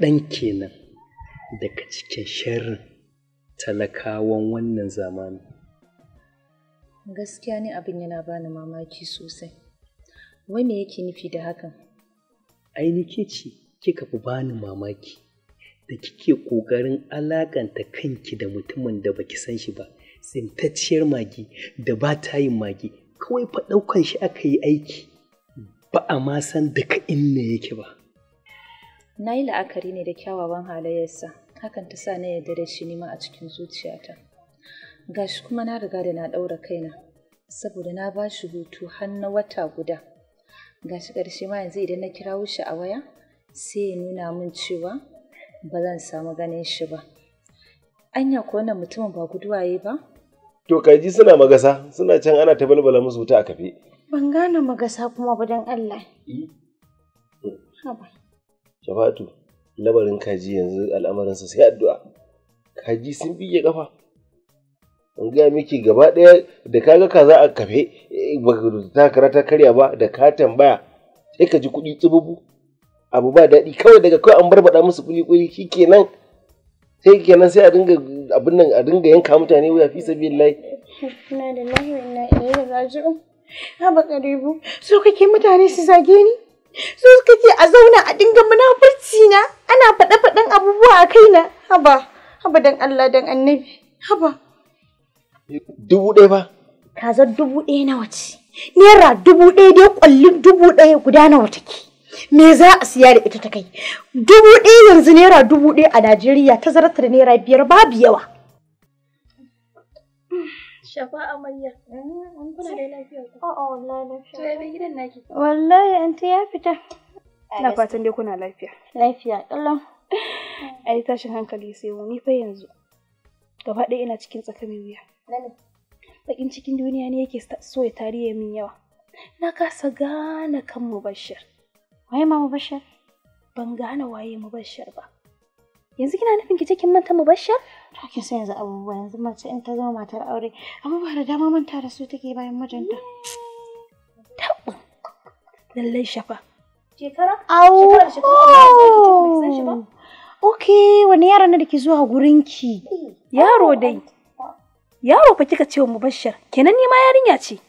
kaɗan kenan daga cikin sharrin talakawan wannan zamani. Gaskiya ne abin yana bani mamaki sosai. Wai me yake nufi da hakan? Ainihi ce kika fi bani mamaki da kike ƙoƙarin alaƙanta kanki da mutumin da baki san shi ba, tsintacciyar magi da ba ta yin magi, kawai fa ɗaukan shi aka yi aiki ba a ma san daga inna yake ba. na yi la'akari ne da kyawawan halayensa hakan ta sa na yarda da shi nima a cikin zuciyata gashi kuma na riga da na ɗaura kaina saboda na ba shi hutu har na wata guda gashi ƙarshe ma yanzu idan na kira shi a waya sai ya nuna min cewa ba zan samu ganin shi ba anya ko wannan mutumin ba guduwaye ba to kaji suna magasa suna can ana ta balbala musu wuta a kafe ban gane magasa kuma ba don allah eh. haba Shafatu, labarin kaji yanzu al'amarinsa sai addu'a. Kaji sun bige kafa. An gaya miki gaba ɗaya da kaga kaza a kafe eh, ba ta kara ta karya ba da ka tambaya sai ka ji kuɗi tsububu. Abu ba daɗi kawai daga kawai an barbaɗa musu kuli-kuli shi kenan. Sai kenan sai a dinga abin nan a dinga yanka mutane wuya fi sabi lai. Ina da lahi wa ina ilaihi raji'un. Haba karibu, so kake mutane su zage ni? so kake a zauna a dinga munafurci na ana faɗa-faɗan abubuwa a kaina haba haba dan Allah dan annabi haba dubu ɗaya ba kazar dubu ɗaya na wace, naira dubu ɗaya dai ƙwallin dubu ɗaya guda nawa take me za a siya da ita ta kai dubu ɗaya yanzu naira dubu ɗaya a Najeriya ta zarata da naira biyar babu yawa Shafa amarya. Mm-hmm. An kuna da lafiya ku. Oh, oh, wallahi lafiya. To ya gidan naki. Wallahi anti ya fita. Ina fatan dai kuna lafiya. Lafiya kallon. Ai tashin hankali sai mu ni fa yanzu. Gaba ɗaya ina cikin tsakamin wuya. Bakin cikin duniya ne yake so ya tariye min yawa. Na kasa gane kan Mubashir. Waye ma Mubashir? Ban gane waye Mubashir ba. yanzu kina nufin ki kin manta mubashir to kin san yanzu abubuwa yanzu mace in ta zama matar aure abubuwa da dama manta da su take bayan mijinta tabbun lallai shafa shekara shekara Ok, wani yaran ne da ke zuwa gurin ki. Yaro dai. Yaro fa kika ce wa Mubashir, kenan ni ma yarinya ce.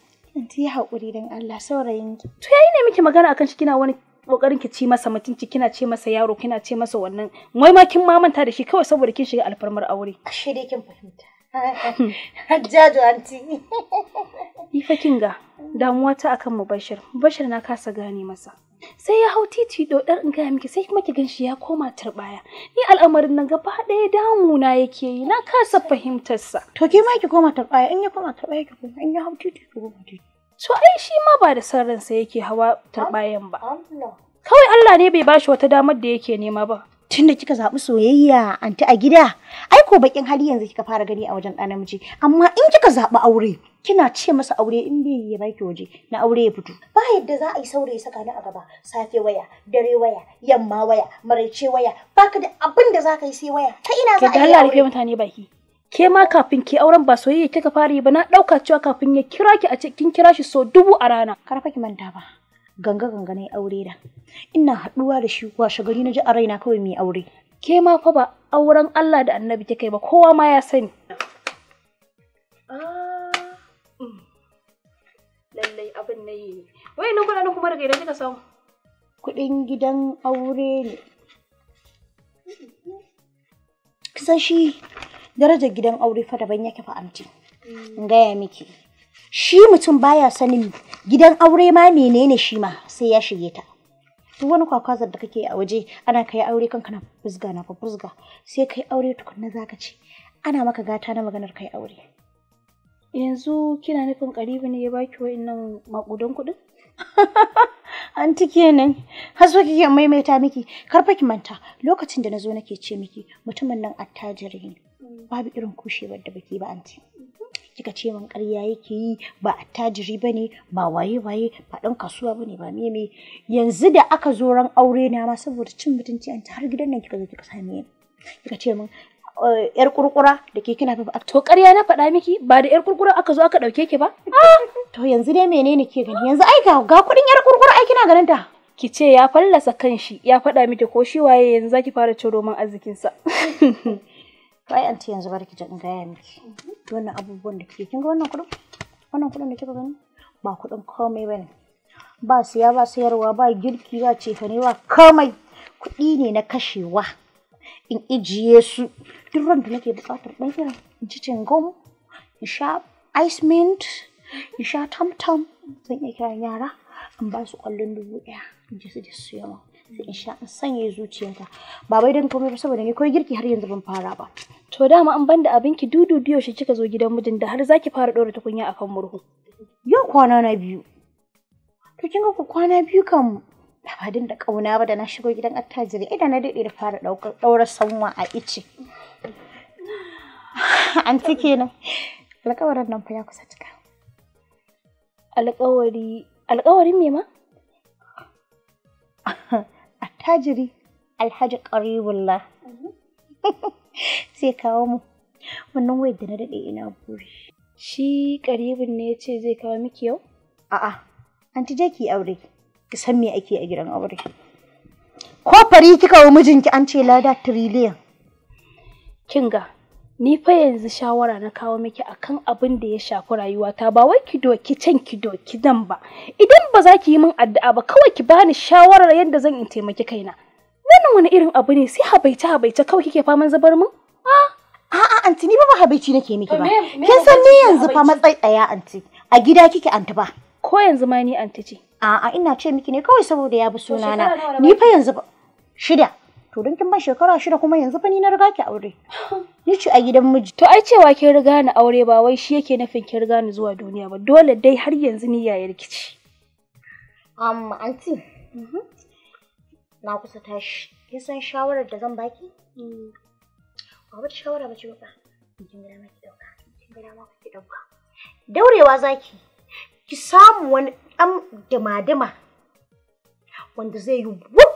ta ya haƙuri don Allah saurayin ki. To yayi ne miki magana akan shi kina wani kokarin ki ci masa mutunci kina ce masa yaro kina ce masa wannan wai ma kin mamanta da shi kawai saboda kin shiga alfarmar aure ashe dai kin fahimta Hajjaju anti. Ifa ga damuwa ta akan Mubashir. Mubashir na kasa gane masa. sai ya hau titi dodar in gaya miki sai kuma ki ganshi ya koma turbaya ni al'amarin nan gaba ɗaya damuna yake yi na kasa fahimtar sa to ke ma ki koma turbaya in ya koma turbaya ki koma in ya hau titi ki koma titi To ai shi ma ba da san ransa yake hawa turbayan ba. Kawai Allah ne bai bashi wata damar da yake nema ba. Tun da kika zaɓi soyayya anti a gida, ai ko bakin hali yanzu kika fara gani a wajen ɗana namiji, amma in kika zaɓi aure, kina ce masa aure in bai yi baki waje na aure ya fito. Ba yadda za a yi saurayi saka ni a gaba, safe waya, dare waya, yamma waya, maraice waya, baka da abin da za ka yi sai waya. Ta ina za a yi aure? Ka Allah rufe mutane baki. ke ma kafin ke auren ba soyayya kika fara yi ba na ɗauka cewa kafin ya kira ki a cikin kin kira shi so dubu a rana fa ki manta ba ganga ganga na aure da ina haduwa da shi washe gari na ji a raina kawai mai aure ke ma fa ba auren Allah da annabi kika ba kowa ma ya sani ah, mm. lallai abin wai nan kuma daga idan kika samu kuɗin gidan aure ne kusan shi darajar gidan aure fa daban yake fa amti in gaya miki shi mutum baya sanin gidan aure ma menene shi ma sai ya shige ta duk wani kwakwazar da kake a waje ana kai aure kanka na fuzga na fuzga sai kai aure tukunna zaka ce ana maka gata na maganar kai aure yanzu kina nufin karibu ne ya baki wa'annan makudan kuɗin anti kenan har so kike maimaita miki karfa ki manta lokacin da nazo nake ce miki mutumin nan attajiri babu irin kushewar da baki ba anti kika ce min ƙarya yake yi ba attajiri ba ba waye waye ba ɗan kasuwa bane ba me yanzu da aka zo ran aure na ma saboda cin mutunci an har gidan nan kika zo kika same ni kika ce min eh, yar kurkura da ke kina to ƙarya na faɗa miki ba da yar kurkura aka zo aka ɗauke ki ba ah! To yanzu dai menene ke gani? Yanzu ai ga ga kudin yar kurkur ai kina ganin ta. Ki ce ya fallasa kanshi, ya faɗa miki ko shi waye yanzu zaki fara ciro man arzikin sa. Kai anti yanzu barki gaya miki. Wannan abubuwan da kike kin wannan kudin? Wannan kudin da kika gani? Ba kudin komai bane. Ba siya ba sayarwa ba girki ba cefane ba komai. Kuɗi ne na kashewa. In ijiye su duk ran da nake bukatar ɗan kiran in ci cin in sha ice mint in sha tam tam zan iya kiran yara an ba su kwallon dubu ɗaya in ji su je su yawa sai in sha in sanya zuciyata ba bai dan komai ba saboda ni koyi girki har yanzu ban fara ba to dama an banda abinki dudu biyo shi kika zo gidan mijin da har zaki fara ɗora tukunya akan murhu yau kwana na biyu to kin ku kwana biyu kan ba ba da kauna ba da na shigo gidan attajiri idan na dade da fara daura sanwa a ice an kenan alƙawarin nan fa ya kusa cika Alƙawari, alƙawarin me ma? Attajiri Alhaji Ƙaribullah. Zai kawo mu wannan wayar da na daɗe ina buri. Shi ƙaribin ne ya ce zai kawo miki yau? A'a, an je ki aure, ki san me ake a gidan aure. Ko fari kika wa mijinki an ce lada tiriliyan. Kinga, ni fa yanzu shawara na kawo miki akan abin da ya shafi rayuwata ba wai ki doki can ki doki dan ba idan ba za ki yi min addu'a ba kawai ki bani shawarar yadda zan in taimaki kaina wannan wani irin abu ne sai habaita-habaita. kawai kike faman zubar min ah, a'a anti ni ba ba habaici nake miki ba kin san ni yanzu fa matsayi daya anti a gida kike anti ba ko yanzu ma ni anti ce a'a ina ce miki ne kawai saboda ya bi sunana ni fa yanzu shida to don kin ban shekara shida kuma yanzu fa ni na riga ki aure ni ce a gidan miji to ai cewa kin riga ni aure ba wai shi yake nufin kin riga ni zuwa duniya ba dole dai har yanzu ni yarki rikici um, amma mm-hmm. anti na kusa tashi kin san shawarar da zan baki mm. ba wata shawara ba ce ba kin gina ma ki dauka kin gina ma ki dauka daurewa zaki ki samu wani dan dima-dima wanda zai yi wuf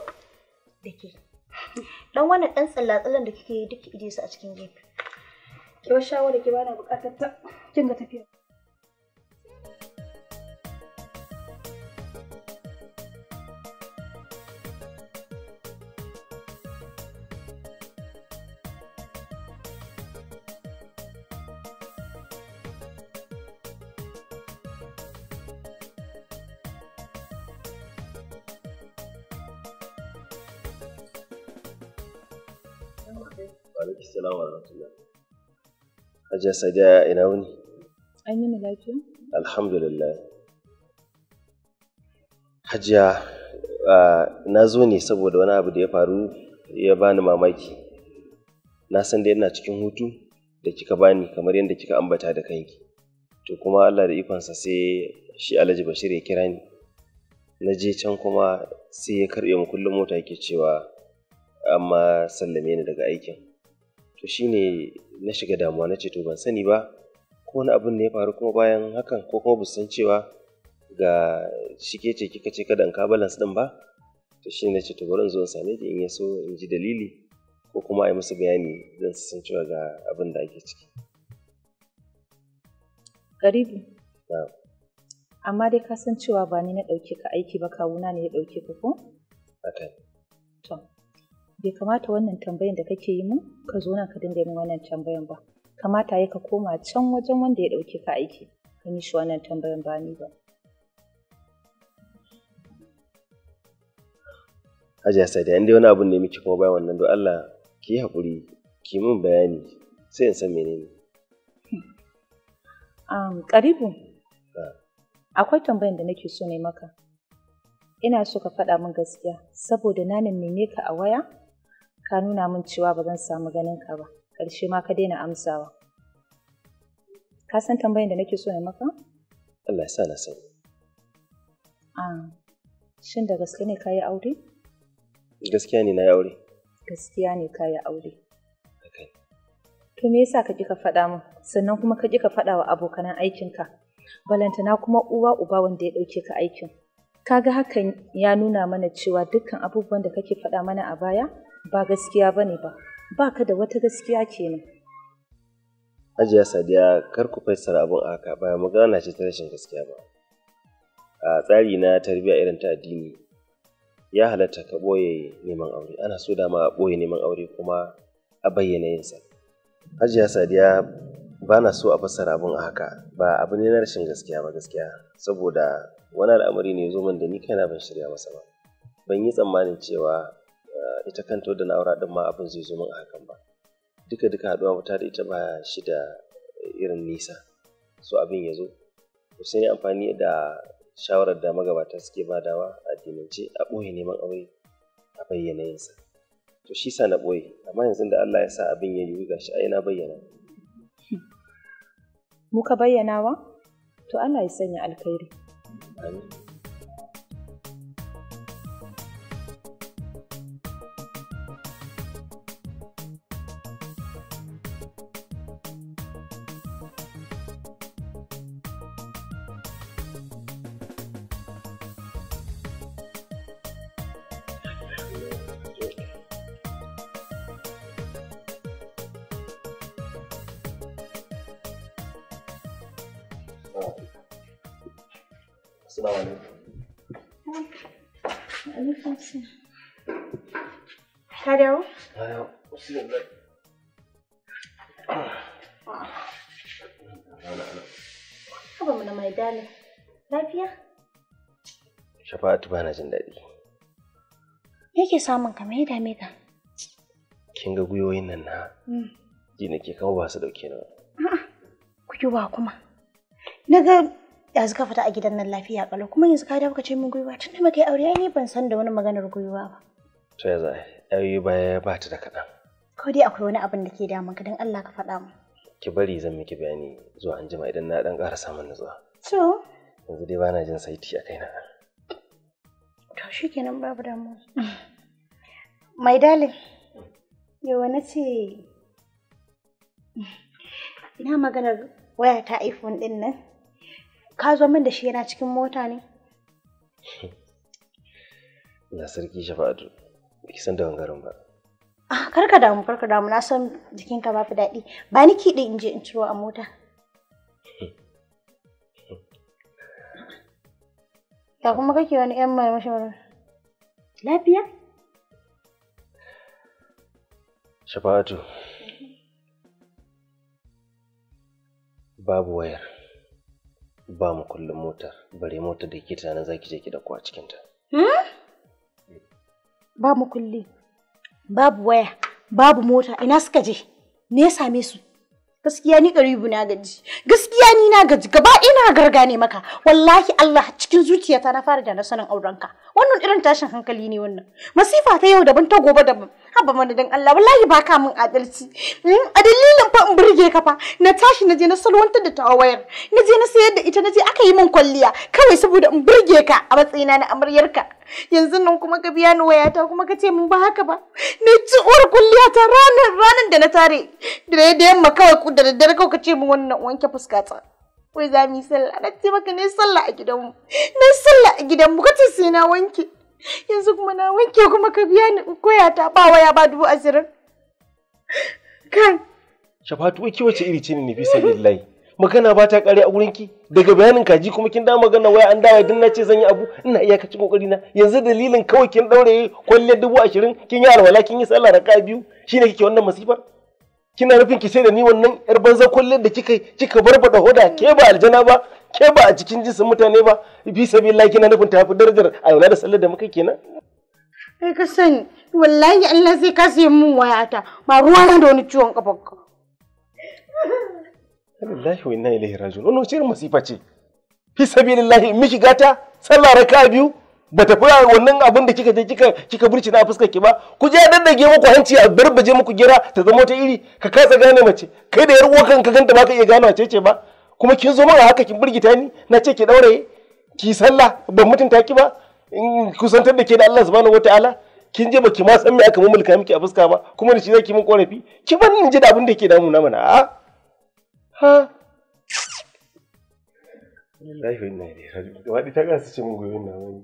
da ke dan wannan dan tsallatsallan da kike yi duk ki su a cikin gefe ki wa shawara ki na bukatar ta kinga tafiya Assalamu warahmatullahi. Hajiya Sadiya ina wuni? An yi lafiya? Alhamdulillah. Hajiya na zo ne saboda wani abu da ya faru ya bani mamaki. Na san da yana cikin hutu da kika bani kamar yadda kika ambata da kanki. To kuma Allah da ikonsa sai shi Alhaji Bashir ya kira ni. Na je can kuma sai ya karɓe mu kullum mota yake cewa amma sallame ni daga aikin. to shi ne na shiga damuwa na ce to ban sani ba ko wani abin ne ya faru kuma bayan hakan ko kuma san cewa ga shi ke ce kika ce kada in ka balance din ba to shi na ce to bari in zo in same ki in ya so in ji dalili ko kuma a yi musu bayani zan san cewa ga abin da ake ciki Garibi. Amma dai ka san cewa ba ni na ɗauke ka aiki ba kawuna ne ya ɗauke ka ko? Haka. To, bai kamata wannan tambayan da kake yi mun ka zo nan ka dinga yin wannan tambayan ba kamata ya ka koma can wajen wanda ya ɗauke ka aiki ka mishi wannan tambayan ba ni ba Hajiya Sadiya, in dai wani abun ne miki kuma bayan wannan don Allah ki yi haƙuri, ki min bayani sai in san menene. Um, karibu, ah. akwai tambayan da nake so ne maka. Ina so ka faɗa min gaskiya saboda na neme ka a waya ka nuna min cewa ba zan samu ganin ka ba ƙarshe ma ka daina amsawa ka san tambayin da nake so ne maka Allah ya sa na sani shin da gaske ne ka yi aure gaskiya ne na yi aure gaskiya ne ka yi aure to me yasa ka kika ka faɗa min sannan kuma ka ki ka faɗa wa abokanan aikinka balantana kuma uwa uba wanda ya ɗauke ka aikin kaga hakan ya nuna mana cewa dukkan abubuwan da kake faɗa mana a baya ba gaskiya bane ba ba ka da wata gaskiya kenan Hajiya Sadiya kar ku fassara abin haka ba magana ce ta rashin gaskiya ba a tsari na tarbiyya irin ta addini ya halatta ka ɓoye neman aure ana so dama a ɓoye neman aure kuma a bayyana yinsa Hajiya Sadiya ba na so a fassara abin a haka ba abu ne na rashin gaskiya ba gaskiya saboda wani al'amari ne zo min da ni kaina ban shirya masa ba ban yi tsammanin cewa eh, ita kanta da na aura din ma abin zai zo min a hakan ba duka duka haɗuwa wuta da ita ba shi da irin nisa so abin ya zo sai yi amfani da shawarar da magabata suke badawa a dinance a ɓoye neman aure a bayyana yinsa to shi sa na ɓoye amma yanzu da Allah ya sa abin ya yi gashi ai na bayyana muka bayyana wa to Allah ya sanya alkhairi my darling. Lafiya? Shafa'atu ba na jin daɗi. Me yake samun ka mai dame ka? Kin ga gwiwoyin nan na? Mm. Ji ke kama ba su dauke na. A'a, ku ba kuma. Na ga yanzu ka fita a gidan nan lafiya kalo, kuma yanzu ka dawo ka ce min gwiwa tun da muka yi aure ai ni ban san da wani maganar gwiwa ba. To ya za ai baya ba ta da kaɗan. Kawai dai akwai wani abin da ke damun ka don Allah ka faɗa mu. Ki bari zan miki bayani zuwa anjima idan na ɗan ƙara samun nutsuwa. To. Yanzu dai bana jin saiti a kaina. To shi kenan babu damuwa. Mai dalin, yawa wani ce ina maganar waya ta iPhone ɗin nan. Ka zo min da shi yana cikin mota ne? Na sarki shafa'atu, ki san da wangaren ba. Ah, karka damu, karka damu, na san jikinka ba fi daɗi. Ba ni kiɗi in je in ciro a mota. Ta kuma kake wani ‘yan marmashi marmashi. Lafiya? Shafa'atu. Babu wayar. Ba mu kullum motar, bare motar da ke tunanin za ki je ki dauko a cikinta. Hmm? Ba mu kulle, babu waya, babu mota, ina suka je, me ya same su? gaskiya ni karibu na gaji gaskiya ni na gaji gaba ina garga ne maka wallahi Allah cikin zuciyata na fara da na sanin aurenka wannan irin tashin hankali ne wannan masifa ta yau daban ta gobe daban haba mana dan Allah wallahi baka min adalci hmm, a dalilin fa in burge ka fa na tashi na je na salwantar da tawayar na je na sayar da ita na je aka yi min kwalliya kawai saboda in burge ka a matsayina na amaryar ka yanzu nan kuma ka biya ni wayata kuma ka ce min ba haka ba na ci uwar kulliya ta ranar ranar da na tare da da yamma kawai da daddare kawai ka ce min wannan wanke fuskata wai za mu sallah na ce maka ne sallah a gidanmu na sallah a gidanmu ka ce sai na wanke yanzu kuma na wanke kuma ka biya ni koya ta ba waya ba dubu ashirin kan shafatu wai wace iri ce ne bisa lillahi magana ba ta kare a gurin ki daga bayanin kaji kuma kin da magana waya an dawo idan nace zan yi abu ina iyakacin kokari na yanzu dalilin kawai kin daure kwalle dubu ashirin kin yi alwala kin yi sallah raka biyu shine kike wannan masifar kina nufin ki sai da ni wannan yar banza kullun da kika kika barbada hoda ke ba aljana ba ke ba a cikin jinsin mutane ba bi sabilillahi kina nufin ta fi darajar ayyana da sallar da muka kenan kai ka sani wallahi Allah zai kase min wayata ba ruwa na da wani ciwon kafanka ka wa inna ilaihi raji'un wannan shirin masifa ce bi sabilillahi in miki gata ta sallah biyu ba tafi wannan abin da kika je kika kika burci na fuskar ki ba ku je dage muku hanci a barbaje muku gira ta zama ta iri ka kasa gane mace kai da yar uwarka ka ganta ba ka iya gane mace ce ba kuma kin zo mana haka kin burgita ni na ce ki daure ki sallah ban mutunta ki ba kusantar da ke da Allah subhanahu wataala kin je baki ma san me aka mulka miki a fuska ba kuma da shi zaki mun korafi ki ban ni ji da abin da yake damu na mana a ha wallahi wannan ne wadi ta gasa ce mun goyon na wani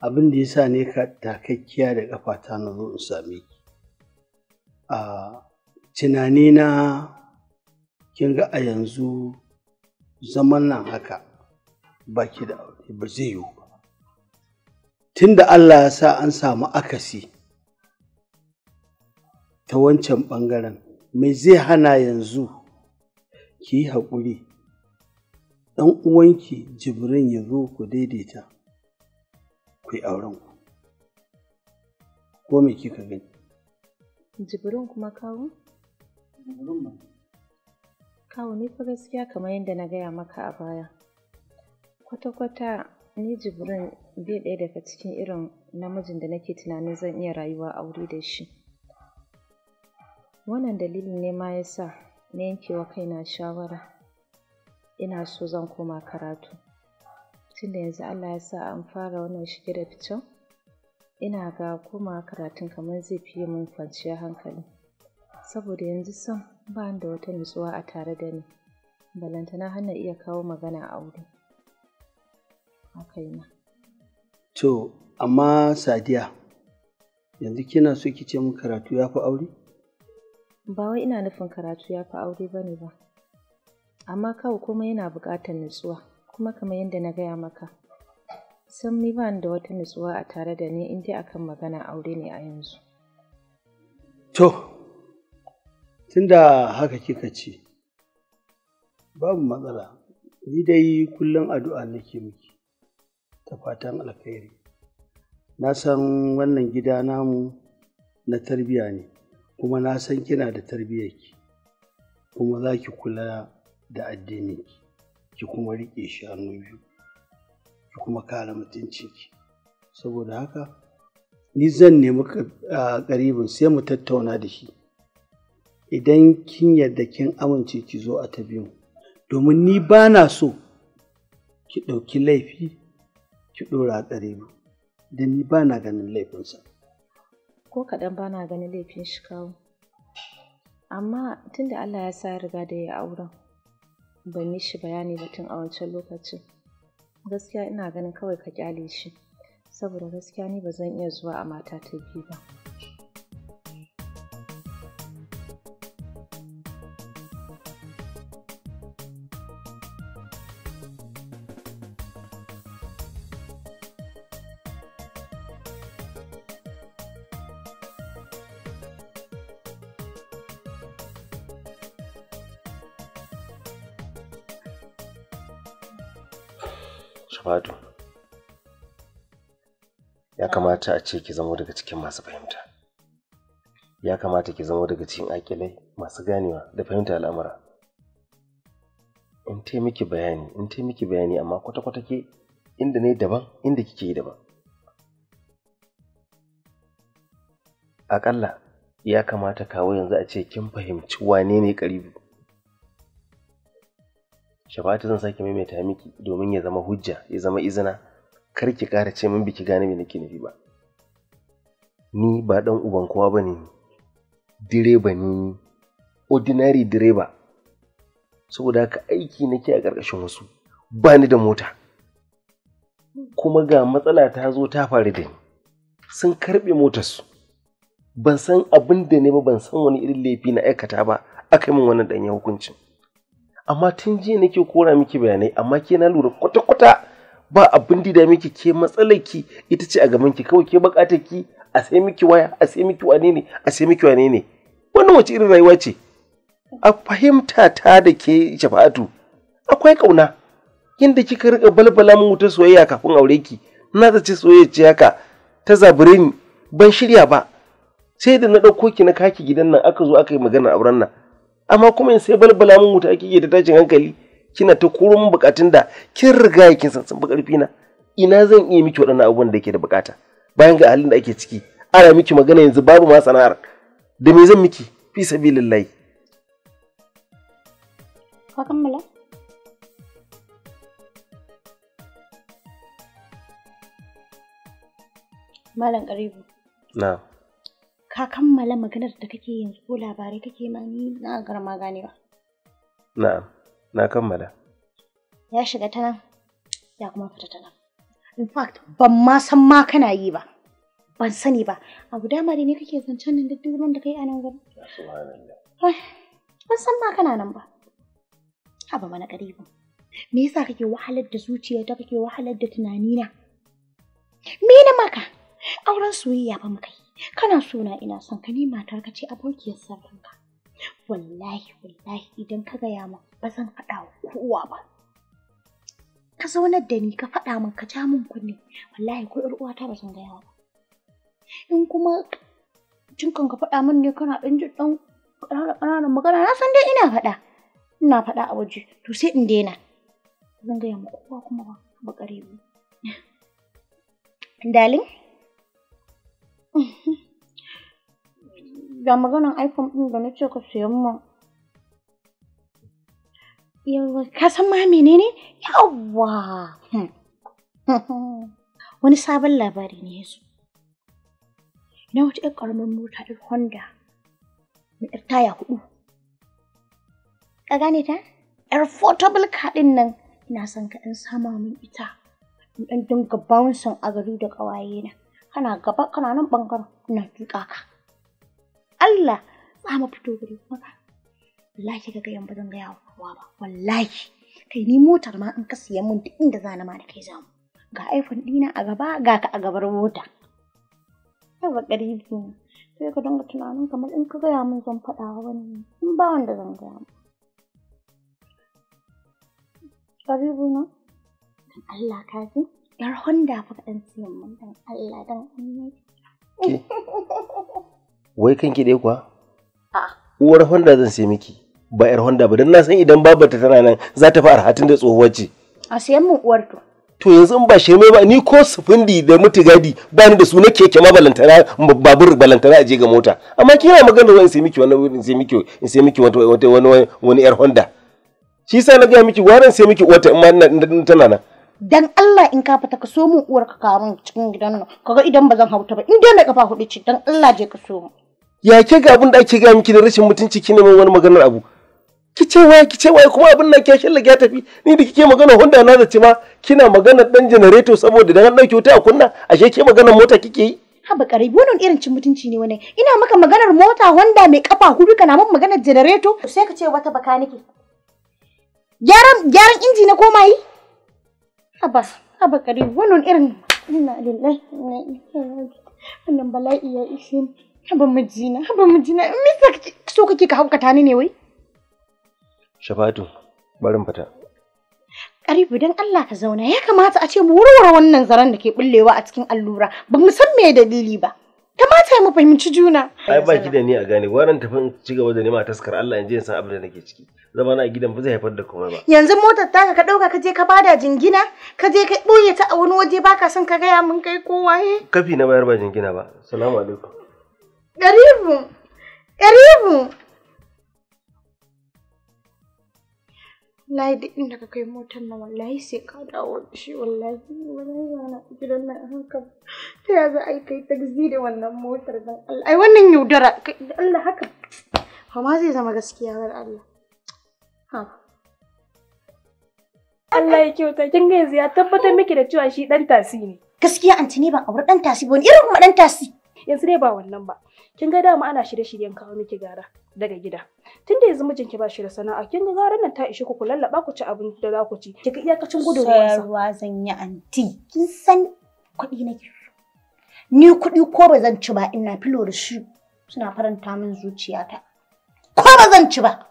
abin da ya sa ne ka takakkiya da ƙafata na zo in same ki a tunani na kin ga a yanzu zaman nan haka baki da aure ba zai yiwu ba da Allah ya sa an samu akasi ta wancan ɓangaren me zai hana yanzu ki yi haƙuri ɗan uwanki jibrin ya zo ku daidaita ku auren ku ko me kika gani jibrin kuma kawo kawo ni fa gaskiya kamar yadda na gaya maka a baya kwata-kwata ni jibrin bai ɗaya daga cikin irin namijin da nake tunanin zan iya rayuwa aure da shi wannan dalilin ne ma ya sa na yankewa kaina shawara ina so zan koma karatu tunda yanzu Allah ya sa an fara wannan shige da ficen ina ga koma karatun kamar zai fi min kwanciyar hankali saboda yanzu son bani da wata nutsuwa a tare da ni balantana hana iya kawo magana a wuri hakaina to amma sadiya yanzu kina so ki ce min karatu ya aure ba wai ina nufin karatu yafi aure ba ne ba amma kawai kuma yana buƙatar nutsuwa kuma kamar yadda na gaya maka san ni ba da wata nutsuwa a tare da ni in dai akan magana aure ne a yanzu to tunda haka kika ce babu matsala ni dai kullum addu'a nake miki ta fatan alkhairi na san wannan gida namu na tarbiyya ne kuma na san kina da ki kuma za ki kula da addininki ki kuma riƙe shi hannu biyu ki kuma mutunci ki, saboda haka ni zan nemi ƙaribin sai mu tattauna da shi idan kin yarda kin amince ki zo a ta biyu domin ni ba na so ki ɗauki laifi ki ɗora a ƙaribu don ni ba na ganin laifinsa ko kaɗan ba na ganin laifin shi kawo amma tunda Allah ya sa riga da ya auren ban yi shi bayani ba tun a wancan lokaci. gaskiya ina ganin kawai ka kyale shi saboda gaskiya ni ba zan iya zuwa a mata ta biyu ba fado Ya kamata a ce ki zamo daga cikin masu fahimta. Ya kamata ki zamo daga cikin akilai masu ganewa da fahimta al'amura. In te miki bayani, in te miki bayani amma kwata-kwata ke inda ne daban, inda kike yi daban. Aƙalla ya kamata kawo yanzu a ce kin fahimci wane ne karibu. shafa'atu zan sake maimaita miki domin ya zama hujja ya zama izina kar ki ƙara ce min biki gane me nake nufi ba ni ba dan uban kowa bane direba ne ordinary direba saboda haka aiki nake a ƙarƙashin wasu ba ni da mota kuma ga matsala ta zo ta faru da ni sun karɓe motarsu ban san abin da ne ba ban san wani irin laifi na aikata ba aka yi min wannan ɗanyen hukuncin amma tun jiya nake kora miki bayanai amma ke na lura kwata-kwata ba abin dida miki ke matsalaki ita ce a gaban ki kawai ke bakata ki a sai miki waya a sai miki wane ne a sai miki wane ne wannan wace irin rayuwa ce a fahimta ta da ke shafa'atu akwai kauna yadda kika rika balbala min wutar soyayya kafin aure ki na ce soyayya ce haka ta zabure ban shirya ba sai da na ɗauko ki na kaki gidan nan aka zo aka yi magana auren nan amma kuma sai balbala mun wuta kike da tashin hankali kina ta koro bukatun da kin riga kin san sun karfi na ina zan iya miki waɗannan abubuwan da ke da bukata bayan ga halin da ake ciki ana miki magana yanzu babu ma sana'ar da me zan miki fi sabilillahi ka kammala Malam Karibu. na'am ka kammala maganar da kake yanzu ko labarai kake ma ni na garma ganewa. Na'am, na kammala. Ya shiga ta nan, ya kuma fita ta nan. In fact, ban ma san ma kana yi ba. Ban sani ba. Abu dama ne kake zancen nan duk ruwan da kai a nan gaba. Ban san ma kana nan ba. Haba mana karibin. Me yasa kake wahalar da zuciyarta kake wahalar da tunanina? Me na maka? Auren soyayya ba muka yi. kana suna ina son ka ni matar ka ce abokiyar sarranka wallahi wallahi idan ka gaya min ba zan faɗa wa kowa ba ka zaunar da ni ka faɗa min ka ja min kunne wallahi ko ƴar uwata ba zan gaya ba in kuma jinkan ka faɗa min ne kana ɗan jin ɗan ƙananan magana na san dai ina faɗa ina faɗa a waje to sai in daina zan gaya ma kowa kuma ba ba ƙare ba dalin ga maganan iphone ɗin da na ce ka siyan mun? yawwa ka san ma menene yawa hmm. wani sabon labari ne ya zo na wata ƴar ƙaramin mota ɗin honda mai ƴar taya hudu ka gane ta ƴar portable car ɗin nan ina son ka ɗan sama min ita in ɗan dinga bouncing a gari da ƙawaye na kana gaba kana nan bangaren ina tuka ka Allah za mu fito gare kuma wallahi kaga yan bazan gaya kowa ba wallahi kai ni motar ma in ka siya min duk inda za na ma da kai zamu ga iPhone dina a gaba ga ka a gabar mota yawa ne sai ka dinga tunanin kamar in ka gaya mun zan faɗa wa wani in ba wanda zan gaya min na Allah ka yar honda fa ɗan siyan mun dan Allah dan annabi wai kan dai kuwa uwar honda zan sai miki ba yar honda ba dan na san idan babarta tana nan za ta fi arhatin da tsohuwar ce a siyan mu uwar to to yanzu in ba mai ba ni ko sufundi da mutigadi ba ni da su na keke ma balantana babur balantana a je ga mota amma kina magana wani sai miki wani in sai miki in sai miki wani wani wani yar honda shi sa na ga miki waran sai miki wata in ma tana nan dan Allah in ka fita ka so mu uwar ka kawo cikin gidan nan kaga idan ba zan hauta ba in dai mai kafa hudu ce dan Allah je ka so mu ya ke ga abin da ake ga miki da rashin mutunci ki neman wani maganar abu ki ce waye ki ce waye kuma abin nan ke shallake ya tafi ni da kike magana Honda na zace ma kina magana dan generator saboda dan dauke wuta a kunna ashe ke magana mota kike yi haba karibi wannan irin cin mutunci ne wannan ina maka maganar mota Honda mai kafa hudu kana mun maganar generator sai ka ce wata baka nake gyaran gyaran inji na koma yi Abbas, Abba Kare, wannan irin ina lillahi wannan bala'i ya ishe ni. Haba mijina, haba mijina, me kake so kake ka haukata ni ne wai? Shafatu, barin fita. Karibu dan Allah ka zauna, ya kamata a ce mu warware wannan zaren da ke bullewa a cikin allura, ba mu san me dalili ba. kamata mu fahimci juna. Ai ba ki da ni a gane waran tafin ci gaba da nema taskar Allah in je san abin da nake ciki. Zama na gidan ba zai haifar da komai ba. Yanzu motar taka ka dauka ka je ka bada jingina ka je ka boye ta a wani waje baka son ka gaya mun kai ko waye. Kafi na bayar ba jingina ba. Assalamu alaikum. Garibu. Garibu. wallahi duk inda ka kai motar nan wallahi sai ka dawo da shi wallahi wallahi ba na gidan nan hankali ta ya za a yi kai tagzi da wannan motar don Allah ai wannan yaudara da Allah haka amma zai zama gaskiya bar Allah Allah ya kyauta kin ga yanzu ya tabbatar miki da cewa shi dan tasi ne gaskiya anti ne ban aure dan tasi ba irin kuma dan tasi yanzu dai ba wannan ba kin ga dama ana shirye-shiryen kawo miki gara daga gida tunda yanzu mijinki ba shi da sana'a kin ga garan nan ta ishe ku ku lallaba ku ci abin da za ku ci kika iyakacin gudun ruwa ruwa zan yi anti kin san kuɗi nake ni kuɗi ko ba zan ci ba ina filo da shi suna faranta min zuciyata ko ba zan ci ba